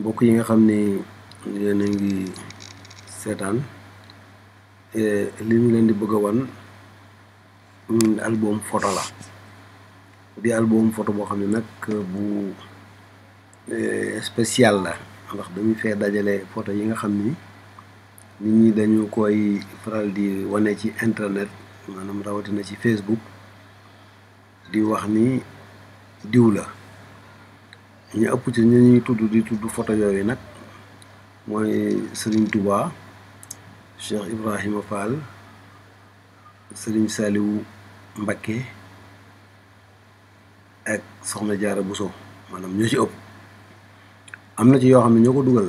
mbokk yi nga xam ne yéen a ngi seetaan eh, li ñu leen di bëgg a wan mm, album photo la di album photo boo xam ne nag bu eh, spécial la ndax dañu fee dajale photo yi nga xam ni nit ñi dañu koy faral di wane ci internet maanaam rawatina ci Facebook di wax ni diw la ñu ëpp ci ñi ñuy tudd di tudd photo yooyu nag mooy sëriñ Touba Cheikh Ibrahima Fall sëriñ Saliou Mbacké ak Soxna Jaara Bousso maanaam ñoo ci ëpp am na ci yoo xam ne ñoo ko dugal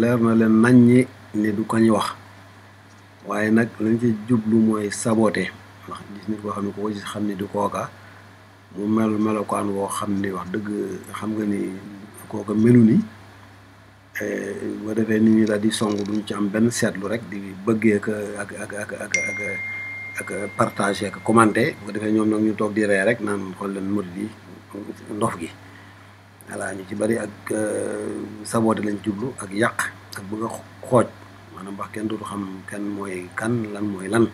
leer na leen nañ ñi ne du ko ñu wax waaye nag lañ ci jublu mooy saboté ndax gis nit koo xam ne ko ko gis xam ne du kooka mu mel melokaan woo xam ni wax dëgg xam nga ni kooka melu ni eh, bu defee nit ñi la di song duñ ci am benn seetlu rek di bëggee ak ak ak ak ak ak ak partagé ak defee ñoom nag ñu toog di ree rek naan xool leen murid yi ndof gi voilà ñu ci bari ak eh, saboote lañ jublu ak yàq ak bëgg a xooj maanaam wax kenn dootu xam kenn mooy kan lan mooy lan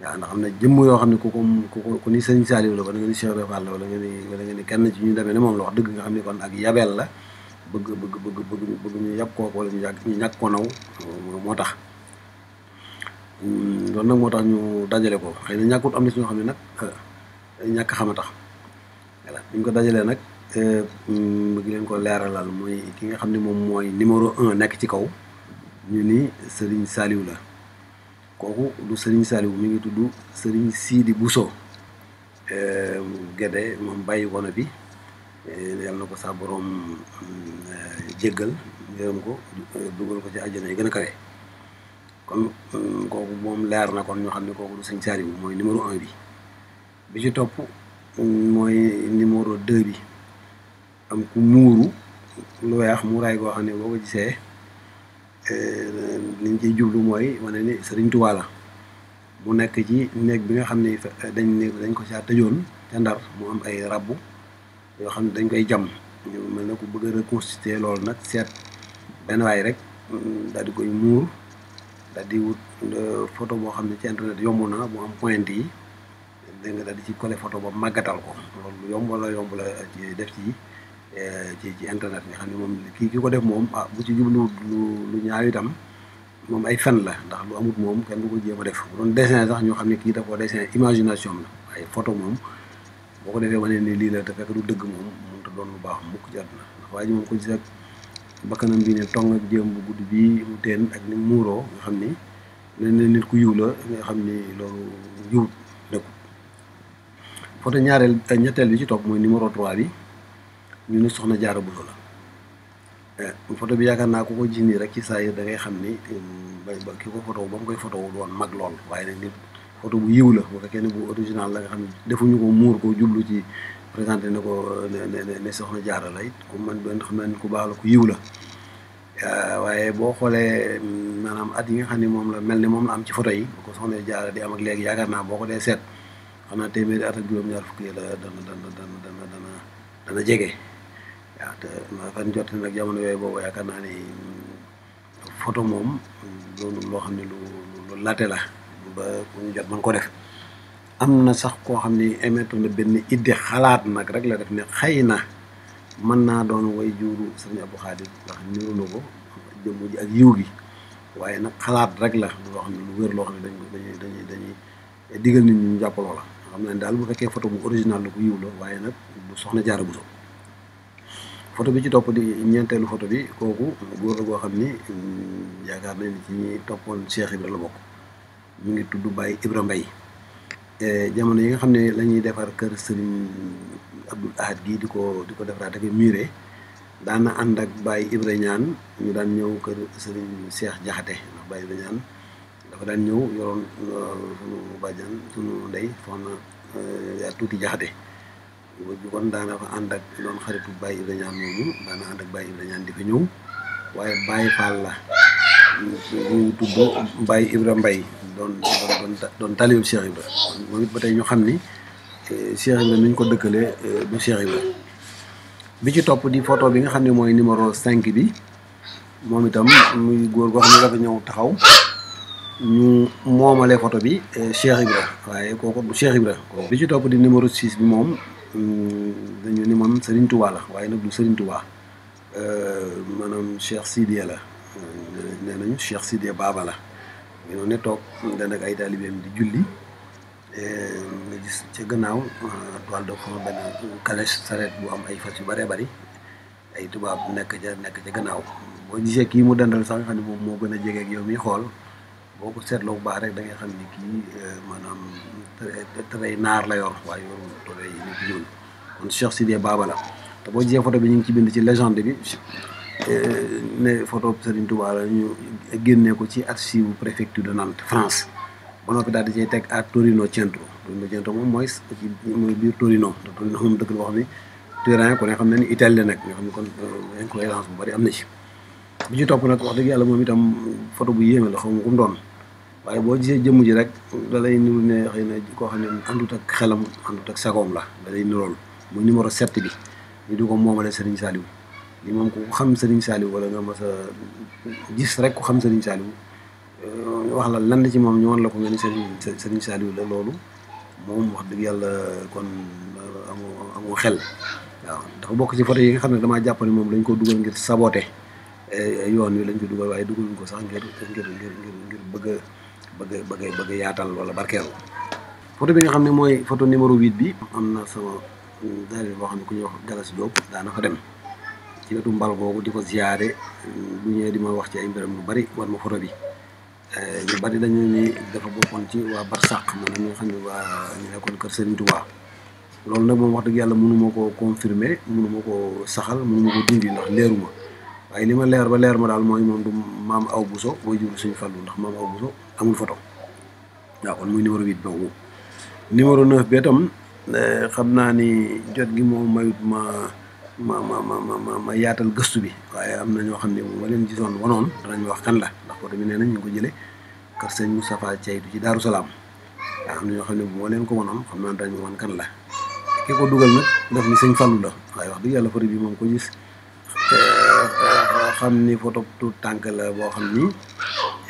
waaw ndax am na jëmm yoo xam ne ku ko ku ko ku ni sëñ Saliou la wala nga ni Cheikh Fall la wala nga ni wala nga ni kenn ci ñu demee ne moom la wax dëgg la bëgg bëgg bëgg bëgg bëgg ñu yàpp kooku wala ñu yàgg ñu ñàkk ko naw moo tax hmm, loolu nag moo tax ñu dajale ko xëy na ñàkkut am xam ne nag ah, ñàkk xam tax voilà ñu ko dajalee nag bëgg eh, hmm, leen ko leeralal mooy ki nga xam ne moom mooy numéro nekk ci kaw ñu ni sëriñ Saliou la kooku du Serigne Saliou mi ngi tudd Serigne Sidi Bousso euh, Guédé moom bàyyi woon bi euh, yàlla na ko saa boroom euh, jéggal yërëm ko dugal ko ci àjjana yi gën a kawe kon kooku moom laar na kon ñoo xam ne kooku du Serigne Saliou mooy numéro un bi ci topp mooy numéro deux bi am ku muuru lu weex muuraay goo xam ne boo ko gisee Euh, liñ ciy jublu mooy walla ni Sëriñ Tuubaa la mu nekk ci néeg bi nga xam ne dañ dañ ko caa tëjoon ca Ndar mu am ay rabbu yoo xam ne dañ koy jàmm mel na ko bëgg a reconstituer loolu nag seet benn waay rek mm, daal di koy muur daal di wut euh, photo boo xam ne ci internet yomb na mu am point yi dégg nga daal ci collé photo ba màggatal ko loolu yomb la yomb la def ci Eh, ci ci internet nga xam ne moom kii ki ko def moom ah bu ci jubluwut lu lu ñaaw itam moom ay fen la ndax lu amut moom kenn du ko jéem a def bu doon sax ñu xam ne kii da ko dessin imagination la waaye photo moom boo ko defee wane ne lii la te fekk dëgg moom mënut a lu baax mukk ci àdduna ndax waa ji moom ko gis bi ne tong ak bu gudd bi mu teen ak ni muuroo nga xam ni ne ne nit ku yiw la nga xam ne loolu yiwut nekkul photo ñaareel ñetteel bi ci topp mooy numéro 3 bi ñu ni soxna jaara bulo la foto eh, bi yaakaar naa ku ko gis nii rek ci saa yi da ngay xam ni mm, ba ki ko photo ba mu koy photo wul woon mag lool waaye nag nit photo bu yiw la bu fekkee ne bu original la xam ne defuñu ko muur ko jublu ci présenté na ko soxna jaara la man benn xam ne ku baax la ku yiw la eh, waaye boo xoolee mm, maanaam at yi nga xam ne moom la mel ni moom la am ci photo yi ko soxna jaara di am ak léegi yaakaar naa boo ko dee seet xam naa téeméeri at juróom-ñaar fukki la dana dana dana dana dana jege waaw te ma jot nag jamono yooyu boobu yaakaar naa ni photo moom loo xam ne lu lu laate la ba ku ñu jot man ko def am na sax koo xam ne ni émettre na benn idée xalaat nag rek la def ne xëy na mën naa doon way juuru sëriñ abu Khadim ndax niru na ko jëmm ak yiw gi waaye nag xalaat rek la loo xam ne lu loo xam ne dañuy dañuy dañuy digal nit ñi ñu jàppaloo la xam ne daal bu fekkee photo bu original la ko yiw la waaye nag bu soxna jaar bu so photo bi ci top di ñentelu photo bi koku goor go xamni goo mm, na ni ci ñi toppoon Cheikh Ibra la bokk ñu ngi tudd Baye Ibra Mbaye e, jamono yi nga xamni lañuy défar kër Serigne abdul Ahad gi diko diko défar da ngay ak muré daan na and ak Baye Ibra Ñaan ñu daan ñew kër Serigne Cheikh Jaxate ndax Baye Ibra Ñaan dafa daan ñew yoron euh, sunu bàjjan sunu ndey fon soxna euh, ya tuti Jaxate ba jugon daana fa ànd ak doon xaritu Baye Ibra Ñaan moomu daana ànd ak Baye Ibra Ñaan di fa ñëw waaye Baye Fall la ñu tudd Baye Ibra Mbay doon doon doon talibu Cheikh Ibra moom it ba ñu xam eh, Cheikh Ibra nuñ ko dëkkalee eh, du Cheikh Ibra bi ci topp di photo bi nga xam ne mooy numéro 5 bi moom itam muy góor goo xam ne dafa ñëw taxaw ñu moomale photo bi eh, Cheikh Ibra waaye kooku du Cheikh Ibra bi ci topp di numéro 6 bi moom dañu ni man Serigne Touba la waaye nag du Serigne Touba euh, Cheikh Sidiya la nee nañu Cheikh Sidiya Baba la ñu noonu ne toog danak ay taalibeem di julli euh, nga gis ca gannaaw euh, toile de fond benn calèche saret bu am ay fas yu bëree bari ay tubaab nekk ca nekk ca gannaaw boo gisee kii mu dandal sax nga xam ne moom moo gën a jege ak yow mi xool boo ko seetloo bu baax rek da ngay xam ni kii euh, maanaam tërëy naar la yor waaye yorul tërëy nit ñuul kon Cheikh Sidé Baba te boo gisee photo bi ñu ngi ci bind ci légende bi euh, ne photo Serigne Touba la ñu génnee ko ci archive préfecture de Nantes France ba noppi daal di cay teg à Torino Centro Torino Centro moom mooy mooy biir Torino te Torino moom dëkk la boo xam ne Turin ko ne xam ne ni Italie la nga xam ne kon euh, incohérence bu bari am na ci bi ci topp nag wax dëgg yàlla moom itam photo bu yéeme la xaw ma ko waaye boo gisee jëmm ji rek da lay niru ne xëy na ko xam ne àndut ak xelam àndut ak sagoom la da lay nirool muy numéro 7 bi ñu di ko moomale Serigne Saliou li moom ku xam Serigne Saliou wala nga mas a gis rek ku xam Serigne Saliou euh, wax la lan la ci moom ñu la ko nga ni Serigne Serigne Saliou la loolu moom wax dëgg yàlla kon euh, amoo xel waaw dafa bokk ci photo yi nga xam ne damaa jàpp ne moom lañ ko dugal ngir saboté euh, yoon wi lañ ko dugal waaye dugaluñ ko sax ngir ngir ngir bëgg bëgg bëgg bëgg yaatal wala barkeel photo bi nga xam ne mooy photo numéro 8 bi am na sama daayira boo xam ne ku ñuy wax Galas Diop daana fa dem ci wetu mbal googu di ko ziyaare bu ñëwee di ma wax ci ay mbiram lu bari war ma photo bi lu eh, bari dañu ni dafa bokkoon ci waa barsàq maanaam ñi nga xam ne waa ñu nekkoon kër Serigne Touba loolu nag moom wax dëgg yàlla mënu ko koo confirmer mënu koo saxal mënu ma koo dindi ndax leeruma waaye li ma leer ba leer ma daal mooy moom du maam aw buso mooy jur suñu fàllu ndax maam aw buso amul photo waaw kon muy numéro huit boobu numéro neuf bi itam eh, xam naa ni jot gi moom mayut ma ma ma ma ma ma yaatal gëstu bi waaye am na ñoo xam ne moom ma leen gisoon wanoon danañ wax kan la ndax photo bi nee nañ ñu ngi ko jëlee kër sëñ Moustapha Ceytu ci Daaru Salaam waaw am na ñoo xam ne bu ma leen ko wanoon xam naa danañ wan kan la ki ko dugal nag daf ni sëñ fàllu la waaye wax dëgg yàlla photo bi moom ko gis eh, xam ni photo tout tànk la boo xam ni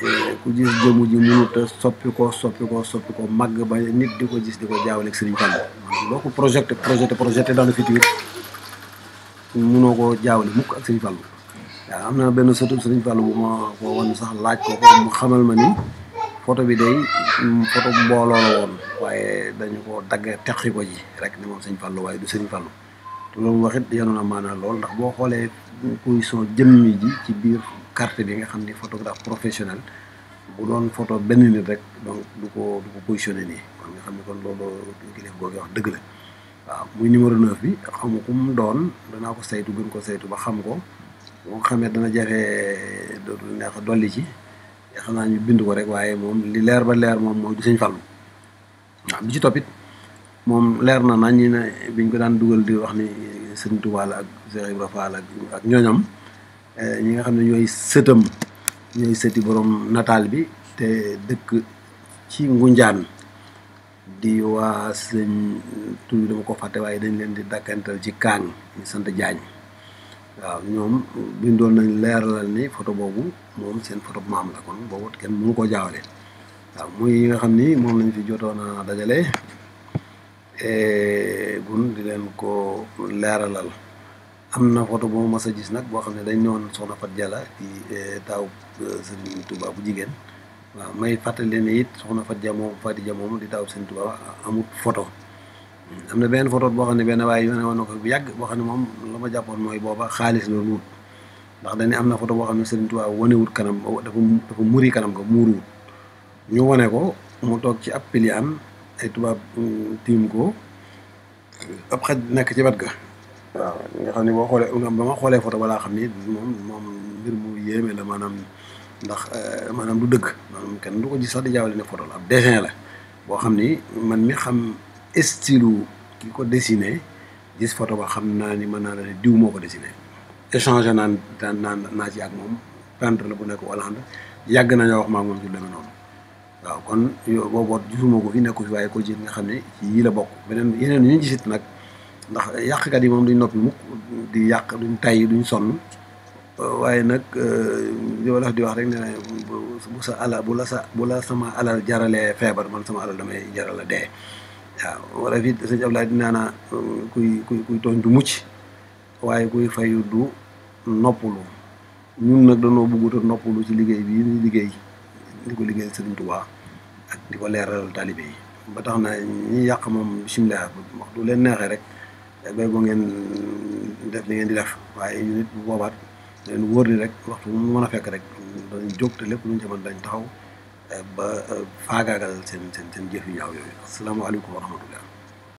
eh, ku gis jëmu ji mënut a soppi ko soppi ko soppi ko màgg ba nit di ko gis di ko jaawaleeg Serigne Fallou maanaam loo ko projeté projeté projeté dans le futur mënoo ko jaawale mukk ak Serigne Fallou waaw am na benn sëtu Serigne Fallou bu ma ko wan sax laaj mu xamal ma ni photo bi day mm, photo mbooloo woon waaye dañu ko dagg teqi ko ji rek ni moom Serigne Fallou waaye du Serigne Fallou te loolu wax it yenu na maanaa lool ndax boo xoolee kuy soo jëmmi ji ci biir carte bi nga xam ne photographe professionnel bu doon photo benn nit rek donc du ko du ko positionné nii kon nga xam ne kon loolu kilif googu wax dëgg la waaw muy numéro 9 bi xamu ku mu doon danaa ko saytu gën ko saytu ba xam ko boo xamee dana jafee dootul neex a dolli ci xam naa ñu bind ko rek waaye moom li leer ba leer moom mooy du sëñ Fallu waaw bi ci toppit moom leer na nañ ñi na biñ ko daan dugal di wax ni sëñ ak Cheikh ak ak ñooñam eh, ñi nga xam ne ñooy sëtam ñooy sëti boroom nataal bi te dëkk ci Ngunjaan di waa sëñ tur dama ko fàtte waaye dañ leen di dakkantal ci Kaang ñu sant Jaañ waaw ñoom bindoon nañ leeralal ni photo boobu moom seen foto bu maam la kon boobu kenn mënu koo jaawale waaw muy yi nga xam ni moom lañ fi jotoon a dajale Eh, gun di leen ko leeralal am na photo bu ma mas gis nag boo xam ne dañ ne woon soxna Fat Diala ci taaw Sëriñ bu jigéen waaw may fàttali leen it soxna Fat Dia moom Fati Dia moom di taaw Sëriñ Tuubaa amut photo am na benn photo boo xam ne benn waaye yónnee woon ko bu yàgg boo xam ne moom la ma jàppoon mooy booba xaalis la wut ndax dañ am na photo boo xam ne Sëriñ Tuubaa wanewut kanam dafa dafa muri kanam ko muuruwut ñu wane ko mu toog ci ab pilian ay tubaab euh, tiim ko ab xaj nekk ci wet ga. waaw nga xam ne boo xoolee ba ma xoolee photo ba laa xam ni moom moom mbir mu yéeme la maanaam ndax euh, maanaam du dëgg maanaam kenn du ko gis sax di jaawale ne photo la ab dessin la boo xam ni man mi xam style ki ko dessiné gis photo ba xam naa ni mën naa la ne diw moo ko dessiné. échangé naan daan naan naa ci ak moom peintre la bu nekk Hollande yàgg nañoo wax maa moom ci lu noonu. waaw kon yo booboot gisuma ko fi nekku fi waaye ko ci nga xam ne ci yii la bokk beneen yeneen ñu gisit nag ndax yàqkat yi moom duñ noppi mukk di yàq duñ tayyi duñ sonn waaye nag yow euh, daf di wax rek ne bu sa ala bu la sa bu la sama alal jaralee feebar man sama alal damay jarala dee waaw wala fi sëñ Abdoulaye dinaa naa kuy kuy kuy tooñ du mucc waaye kuy fayu du noppalu ñun nag danoo bugguta noppalu ci liggéey bi ñuy liggéey di ko liggéeyal Sëriñ Tuubaa ak di ko leeralal taalibe yi ba tax na ñi yàq moom bisimilah wax du leen neexee rek bay boo ngeen def li ngeen di def waaye ñu nit bu boobaat leen wóor ni rek waxtu mu mën fekk rek dañ jóg te lépp luñ ci dañ taxaw ba faagaagal seen seen seen jëf yu ñaaw yooyu asalaamaaleykum wa rahmatullah